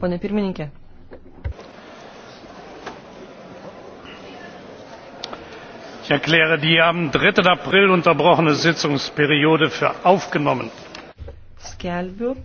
Pone pirmininkė. Ich erkläre die am 3. April unterbrochene Sitzungsperiode für aufgenommen. Skelbiu